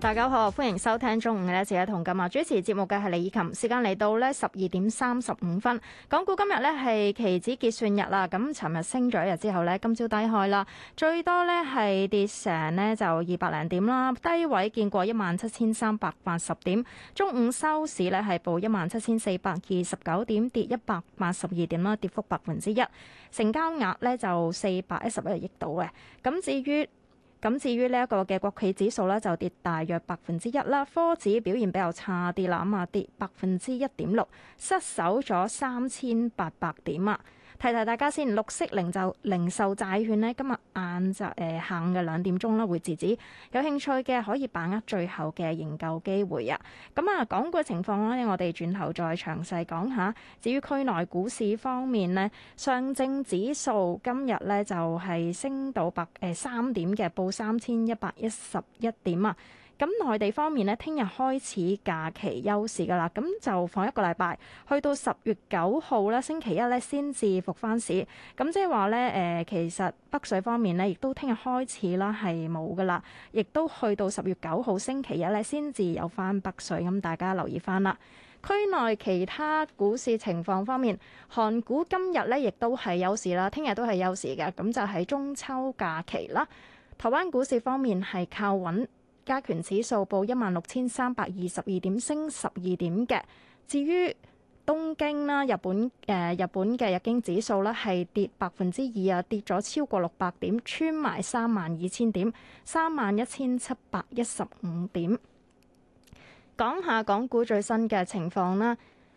大家好，歡迎收聽中午嘅《一時嘅》同今日主持節目嘅係李以琴，時間嚟到呢十二點三十五分。港股今日呢係期指結算日啦，咁尋日升咗一日之後呢，今朝低開啦，最多呢係跌成呢就二百零點啦，低位見過一萬七千三百八十點。中午收市呢係報一萬七千四百二十九點，跌一百八十二點啦，跌幅百分之一。成交額呢就四百一十一億度嘅。咁至於咁至於呢一個嘅國企指數咧，就跌大約百分之一啦。科指表現比較差啲啦，咁跌百分之一點六，失守咗三千八百點啊。提提大家先，綠色零就零售債券咧，今日晏晝誒下午嘅，呃、兩點鐘啦，會截止。有興趣嘅可以把握最後嘅營救機會啊！咁啊，港股嘅情況咧，我哋轉頭再詳細講下。至於區內股市方面呢，上證指數今日呢就係、是、升到百誒三點嘅，報三千一百一十一點啊。咁內地方面咧，聽日開始假期休市噶啦，咁就放一個禮拜，去到十月九號啦，星期一咧先至復翻市。咁即係話咧，誒、呃，其實北水方面咧，亦都聽日開始啦，係冇噶啦，亦都去到十月九號星期一咧先至有翻北水。咁大家留意翻啦。區內其他股市情況方面，韓股今日咧亦都係休市啦，聽日都係休市嘅，咁就喺中秋假期啦。台灣股市方面係靠穩。加權指數報一萬六千三百二十二點，升十二點嘅。至於東京啦，日本誒、呃、日本嘅日經指數咧，係跌百分之二啊，跌咗超過六百點，穿埋三萬二千點，三萬一千七百一十五點。講下港股最新嘅情況啦。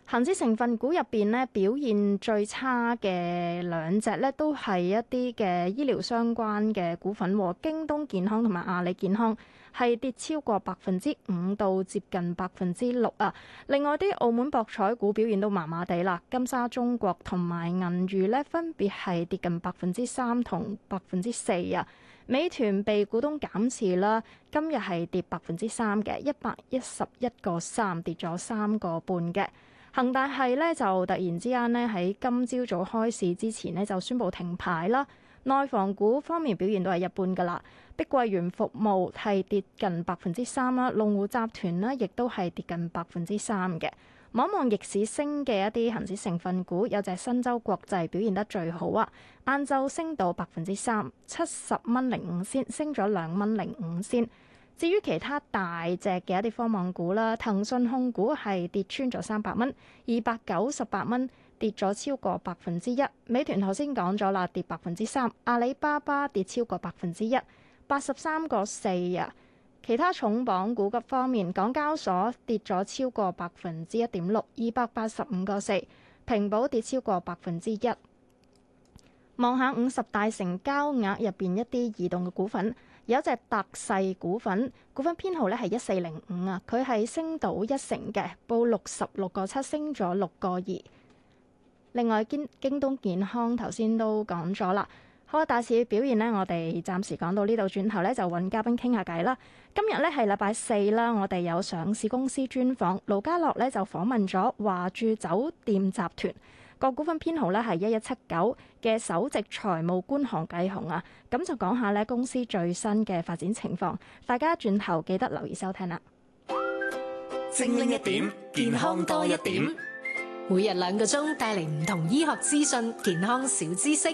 恆指成分股入邊咧，表現最差嘅兩隻咧，都係一啲嘅醫療相關嘅股份，哦，京東健康同埋阿里健康係跌超過百分之五到接近百分之六啊。另外啲澳門博彩股表現都麻麻地啦，金沙中國同埋銀娛咧分別係跌近百分之三同百分之四啊。美團被股東減持啦，今日係跌百分之三嘅一百一十一個三跌咗三個半嘅。恒大係咧就突然之間咧喺今朝早,早開市之前呢，就宣布停牌啦。內房股方面表現都係一般㗎啦。碧桂園服務係跌近百分之三啦，龍湖集團呢亦都係跌近百分之三嘅。望望逆市升嘅一啲恆指成分股，有隻新洲國際表現得最好啊！晏晝升到百分之三，七十蚊零五仙，升咗兩蚊零五仙。至於其他大隻嘅一啲科網股啦，騰訊控股係跌穿咗三百蚊，二百九十八蚊跌咗超過百分之一。美團頭先講咗啦，跌百分之三。阿里巴巴跌超過百分之一，八十三個四啊。其他重磅股嘅方面，港交所跌咗超過百分之一點六，二百八十五個四，平保跌超過百分之一。望下五十大成交額入邊一啲移動嘅股份。有一隻特細股份，股份編號咧係一四零五啊，佢係升到一成嘅，報六十六個七，升咗六個二。另外，堅京東健康頭先都講咗啦，好，大市表現呢，我哋暫時講到呢度，轉頭咧就揾嘉賓傾下偈啦。今日咧係禮拜四啦，我哋有上市公司專訪，盧家樂咧就訪問咗華住酒店集團。個股份編號咧係一一七九嘅，首席財務官行繼雄啊，咁就講下咧公司最新嘅發展情況，大家轉頭記得留意收聽啦。正一點，健康多一點，每日兩個鐘帶嚟唔同醫學資訊、健康小知識。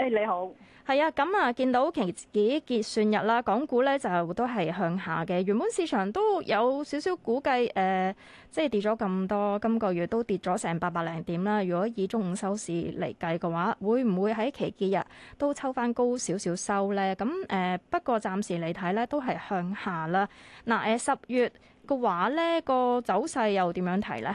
誒、哎、你好，係啊，咁啊，見到期指結算日啦，港股咧就都係向下嘅。原本市場都有少少估計，誒、呃，即係跌咗咁多，今個月都跌咗成八百零點啦。如果以中午收市嚟計嘅話，會唔會喺期結日都抽翻高少少收呢？咁誒、呃，不過暫時嚟睇咧都係向下啦。嗱、呃、誒，十月嘅話咧個走勢又點樣睇咧？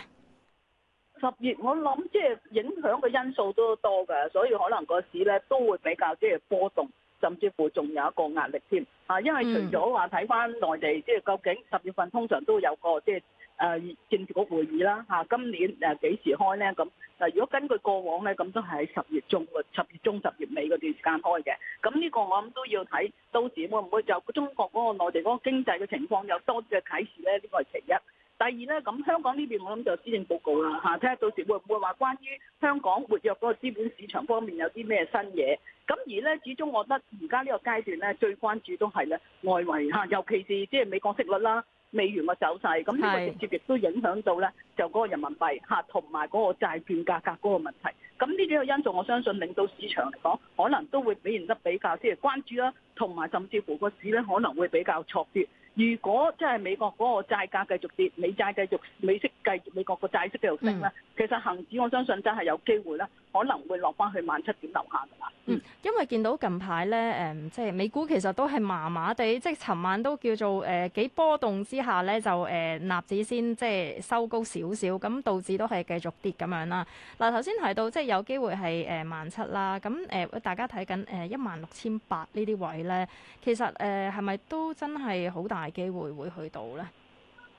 十月我諗即係影響嘅因素都多嘅，所以可能個市咧都會比較即係波動，甚至乎仲有一個壓力添。啊，因為除咗話睇翻內地，即係究竟十月份通常都有個即係誒、政治局會議啦。吓，今年誒、幾時開咧？咁誒、如果根據過往咧，咁都係喺十月中，個十月中、十月尾嗰段時間開嘅。咁呢個我諗都要睇到點會唔會就中國嗰個內地嗰個經濟嘅情況有多啲嘅啟示咧？呢個係其一。第二咧，咁香港呢邊我諗就施政報告啦吓，睇下到時會唔會話關於香港活躍嗰個資本市場方面有啲咩新嘢。咁而咧，始終我覺得而家呢個階段咧，最關注都係咧外圍吓、啊，尤其是即係美國息率啦、啊、美元嘅走勢，咁呢個直接亦都影響到咧就嗰個人民幣吓同埋嗰個債券價格嗰個問題。咁呢幾個因素，我相信令到市場嚟講，可能都會表現得比較即係關注啦，同、啊、埋甚至乎個市咧可能會比較挫啲。如果即係美國嗰個債價繼續跌，美債繼續美，美息繼美國個債息繼續升咧，mm. 其實恒指我相信真係有機會啦。可能會落翻去萬七點樓下㗎。嗯，因為見到近排咧，誒，即係美股其實都係麻麻地，即係尋晚都叫做誒幾波動之下咧，就誒納指先即係收高少少，咁道指都係繼續跌咁樣啦。嗱，頭先提到即係有機會係誒萬七啦，咁誒大家睇緊誒一萬六千八呢啲位咧，其實誒係咪都真係好大機會會去到咧？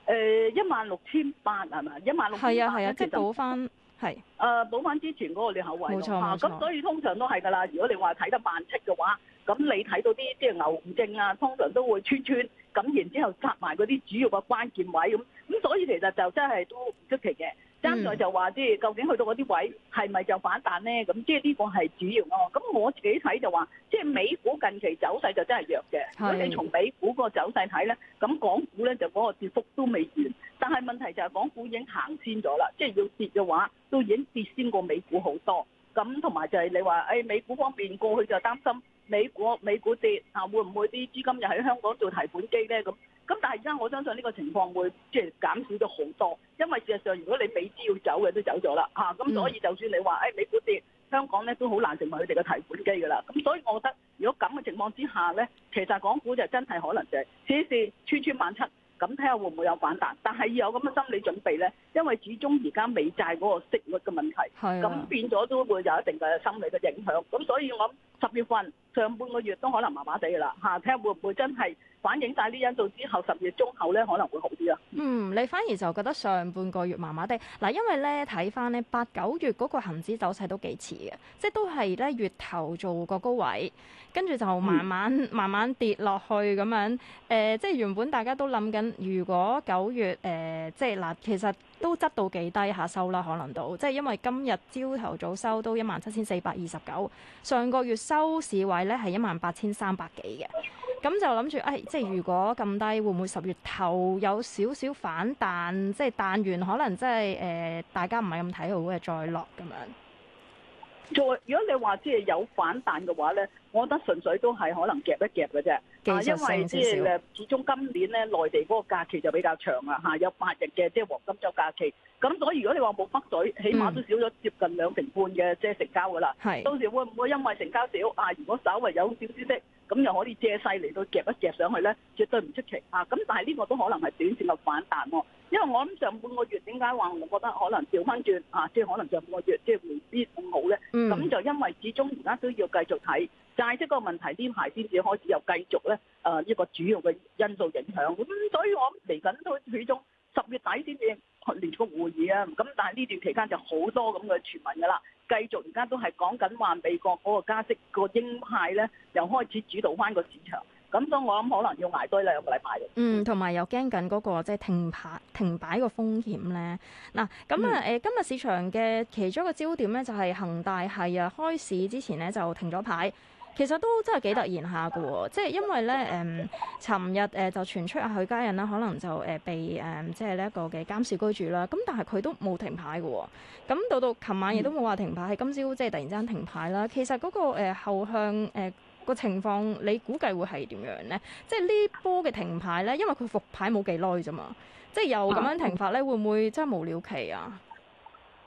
誒一萬六千八係嘛？一萬六千八係啊係啊，跌到翻。係，誒補翻之前嗰個裂口位冇錯嚇，咁所以通常都係噶啦。如果你話睇得慢出嘅話，咁你睇到啲即係牛熊證啊，通常都會穿穿，咁然之後隔埋嗰啲主要嘅關鍵位咁，咁所以其實就真係都唔出奇嘅。爭在就話，即係究竟去到嗰啲位係咪就反彈咧？咁即係呢個係主要咯。咁我自己睇就話，即係美股近期走勢就真係弱嘅。咁你從美股個走勢睇咧，咁港股咧就嗰個跌幅都未完。但係問題就係港股已經行先咗啦，即係要跌嘅話都已經跌先過美股好多。咁同埋就係你話，誒美股方面過去就擔心美股美股跌啊，會唔會啲資金又喺香港做提款機咧？咁。咁但係而家我相信呢個情況會即係減少咗好多，因為事實上如果你美資要走嘅都走咗啦，嚇、啊，咁所以就算你話誒、哎、美股跌，香港咧都好難成為佢哋嘅提款機噶啦。咁所以我覺得如果咁嘅情況之下咧，其實港股就真係可能就係試一試穿穿萬七，咁睇下會唔會有反彈，但係要有咁嘅心理準備咧，因為始終而家美債嗰個息率嘅問題，係咁的變咗都會有一定嘅心理嘅影響，咁所以我諗。十月份上半個月都可能麻麻地啦，吓睇下會唔會真係反映晒呢因素之後，十月中後咧可能會好啲啊。嗯，你反而就覺得上半個月麻麻地嗱，因為咧睇翻咧八九月嗰個恆指走勢都幾似嘅，即係都係咧月頭做個高位，跟住就慢慢、嗯、慢慢跌落去咁樣。誒、呃，即係原本大家都諗緊，如果九月誒、呃，即係嗱、呃，其實。都質到幾低下收啦，可能都，即係因為今日朝頭早收都一萬七千四百二十九，上個月收市位咧係一萬八千三百幾嘅，咁就諗住誒，即係如果咁低，會唔會十月頭有少少反彈？即係彈完可能即係誒，大家唔係咁睇好嘅，再落咁樣。再如果你話即係有反彈嘅話咧，我覺得純粹都係可能夾一夾嘅啫。啊，因為即係誒，始終今年咧，內地嗰個假期就比較長啦，嚇有八日嘅即係黃金週假期。咁所以如果你話冇北水，起碼都少咗接近兩成半嘅即係成交噶啦。係，到時會唔會因為成交少啊？如果稍微有少少息，咁又可以借勢嚟到夾一夾上去咧，絕對唔出奇嚇。咁但係呢個都可能係短線嘅反彈咯。因為我諗上半個月點解話我覺得可能調翻轉啊？即係可能上半個月即係未必咁好咧。嗯。咁就因為始終而家都要繼續睇。加息嗰個問題呢排先至開始又繼續咧，誒、呃、一、這個主要嘅因素影響咁、嗯，所以我嚟緊都始終十月底先至聯儲會議啊，咁、嗯、但係呢段期間就好多咁嘅傳聞㗎啦，繼續而家都係講緊話美國嗰個加息個鷹派咧，又開始主導翻個市場，咁所以我諗可能要捱多兩兩個禮拜。嗯，同埋又驚緊嗰個即係、就是、停牌停擺個風險咧。嗱，咁啊誒，嗯、今日市場嘅其中一個焦點咧，就係恒大係啊開市之前咧就停咗牌。其實都真係幾突然下嘅喎，即係因為咧，誒、嗯，尋日誒就傳出阿許家印啦，可能就誒被誒、嗯、即係呢一個嘅監視居住啦。咁但係佢都冇停牌嘅喎、哦，咁到到琴晚亦都冇話停牌，係今朝即係突然之間停牌啦。其實嗰個誒後向誒個情況，你估計會係點樣咧？即係呢波嘅停牌咧，因為佢復牌冇幾耐啫嘛，即係又咁樣停法咧，會唔會真係無了期啊？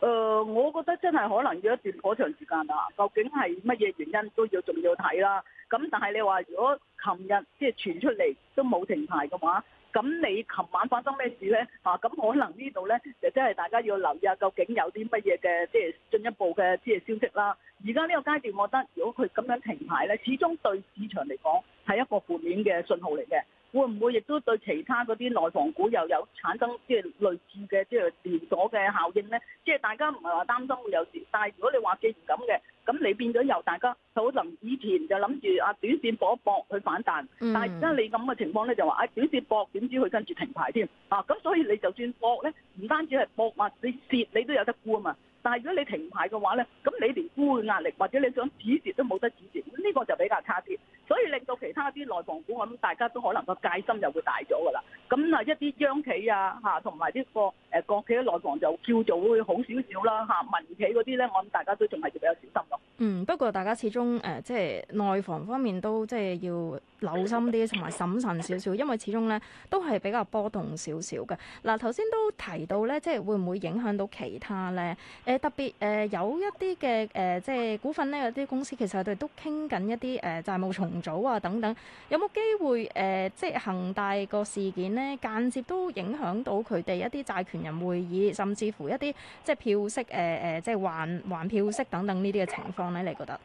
誒、呃，我覺得真係可能要一段好長時間啦。究竟係乜嘢原因都要仲要睇啦。咁但係你話如果琴日即係傳出嚟都冇停牌嘅話，咁你琴晚發生咩事咧？啊，咁可能呢度咧就真係大家要留意下究竟有啲乜嘢嘅即係進一步嘅即係消息啦。而家呢個階段，我覺得如果佢咁樣停牌咧，始終對市場嚟講係一個負面嘅信號嚟嘅。會唔會亦都對其他嗰啲內房股又有產生即係類似嘅即係連鎖嘅效應咧？即係大家唔係話擔心會有事，但係如果你話既然咁嘅，咁你變咗由大家可能以前就諗住啊，短線搏一搏去反彈，但係而家你咁嘅情況咧就話啊短線搏，點知佢跟住停牌添啊？咁所以你就算搏咧，唔單止係搏，話你蝕你都有得沽啊嘛。但係如果你停牌嘅話咧，咁你連沽嘅壓力或者你想止蝕都冇得止蝕，咁呢個就比較差啲。所以令到其他啲內房股我諗，大家都可能個戒心又會大咗㗎啦。咁啊，一啲央企啊嚇，同埋啲國誒國企嘅內房就叫做會好少少啦嚇。民企嗰啲咧，我諗大家都仲係比較小心咯。嗯，不過大家始終誒、呃、即係內房方面都即係要留心啲，同埋的審慎少少，因為始終咧都係比較波動少少嘅。嗱頭先都提到咧，即係會唔會影響到其他咧？誒特別誒、呃、有一啲嘅誒即係股份咧，有啲公司其實佢哋都傾緊一啲誒債務重。組啊等等，有冇機會誒、呃，即係恒大個事件呢間接都影響到佢哋一啲債權人會議，甚至乎一啲即係票息誒誒、呃，即係還還票息等等呢啲嘅情況呢？你覺得？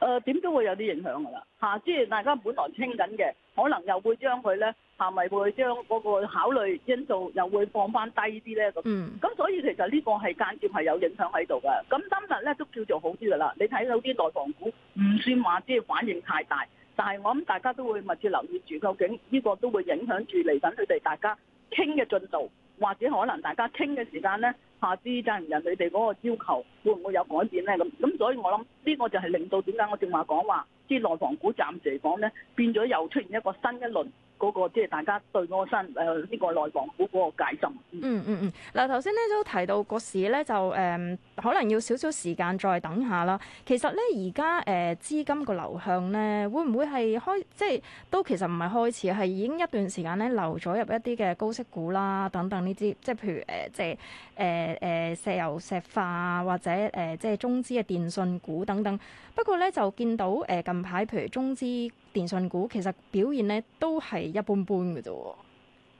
誒、呃，點都會有啲影響噶啦，吓、啊，即係大家本來傾緊嘅。可能又會將佢呢，係咪會將嗰個考慮因素又會放翻低啲呢？咁，咁所以其實呢個係間接係有影響喺度嘅。咁今日呢，都叫做好啲噶啦，你睇到啲內房股唔算話即係反應太大，但係我諗大家都會密切留意住，究竟呢個都會影響住嚟緊佢哋大家傾嘅進度，或者可能大家傾嘅時間呢，下次責任人你哋嗰個要求會唔會有改變呢？咁，咁所以我諗呢個就係令到點解我正話講話。即係內房股暫時嚟講咧，變咗又出現一個新一輪嗰、嗰個即係、即係、大家對嗰個新誒呢、呃呢個內房股嗰個解禁、嗯。嗯嗯嗯。嗱頭先咧都提到個市咧就誒、呃、可能要少少時間再等下啦。其實咧而家誒資金個流向咧，會唔會係開即係都其實唔係開始，係已經一段時間咧流咗入一啲嘅高息股啦等等呢啲，即係譬如誒即係誒誒石油石化或者誒即係中資嘅電信股等等。不過咧就見到誒咁。呃近排譬如中資電信股，其實表現咧都係一般般嘅啫。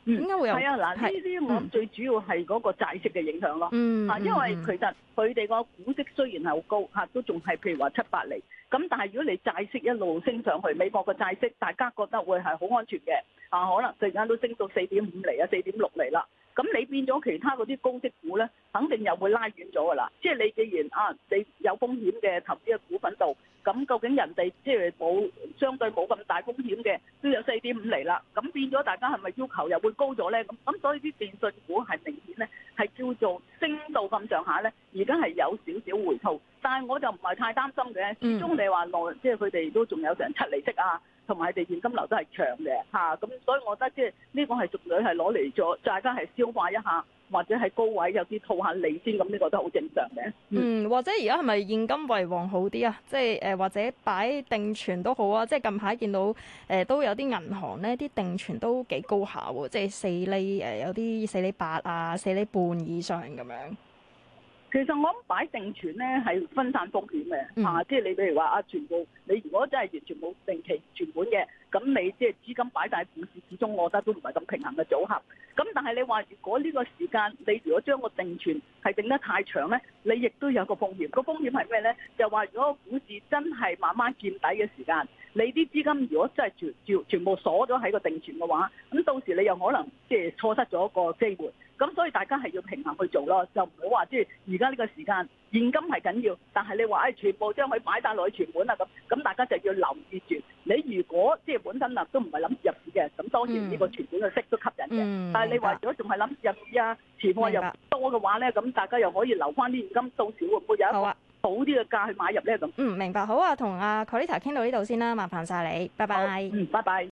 點解、嗯、會有？係啊，嗱，呢啲我諗最主要係嗰個債息嘅影響咯。嗯，啊，因為其實佢哋個股息雖然係好高，嚇都仲係譬如話七八厘咁，但係如果你債息一路升上去，美國個債息大家覺得會係好安全嘅，啊，可能陣間都升到四點五厘，啊，四點六厘啦。咁你變咗其他嗰啲高息股咧，肯定又會拉遠咗㗎啦。即係你既然啊，你有風險嘅投資嘅股份度，咁究竟人哋即係冇相對冇咁大風險嘅，都有四點五厘啦。咁變咗大家係咪要求又會高咗咧？咁咁所以啲電訊股係明顯咧，係叫做升到咁上下咧，而家係有少少回吐，但係我就唔係太擔心嘅。始終你話內，即係佢哋都仲有成七釐息啊。同埋地現金流都係強嘅嚇，咁、啊、所以我覺得即係呢個係逐漸係攞嚟做，大家係消化一下，或者係高位有啲套下利先咁，呢個都好正常嘅。嗯，或者而家係咪現金為王好啲啊？即係誒，或者擺定存都好啊。即、就、係、是、近排見到誒、呃、都有啲銀行咧，啲定存都幾高下喎、啊，即係四厘，誒，有啲四厘八啊，四厘半以上咁樣。其實我諗擺定存咧係分散風險嘅，啊，即係你譬如話啊，全部你如果真係完全冇定期存款嘅，咁你即係資金擺曬股市，始終我覺得都唔係咁平衡嘅組合。咁但係你話如果呢個時間，你如果將個定存係定，定得太長咧，你亦都有個風險。個風險係咩咧？就話如果股市真係慢慢見底嘅時間，你啲資金如果真係全全全部鎖咗喺個定存嘅話，咁到時你又可能即係錯失咗一個機會。咁所以大家係要平衡去做咯，就唔好話即係而家呢個時間現金係緊要，但係你話誒全部將佢擺曬落去存款啦咁，咁大家就要留意住。你如果即係本身啊都唔係諗入市嘅，咁當然呢個存款嘅息都吸引嘅。但係你話如果仲係諗入市啊，持貨又多嘅話咧，咁大家又可以留翻啲現金到時啊，會唔會有一個好啲嘅價去買入咧咁。嗯，明白。好啊，同啊 Carita 傾到呢度先啦，麻煩曬你，拜拜。嗯，拜拜。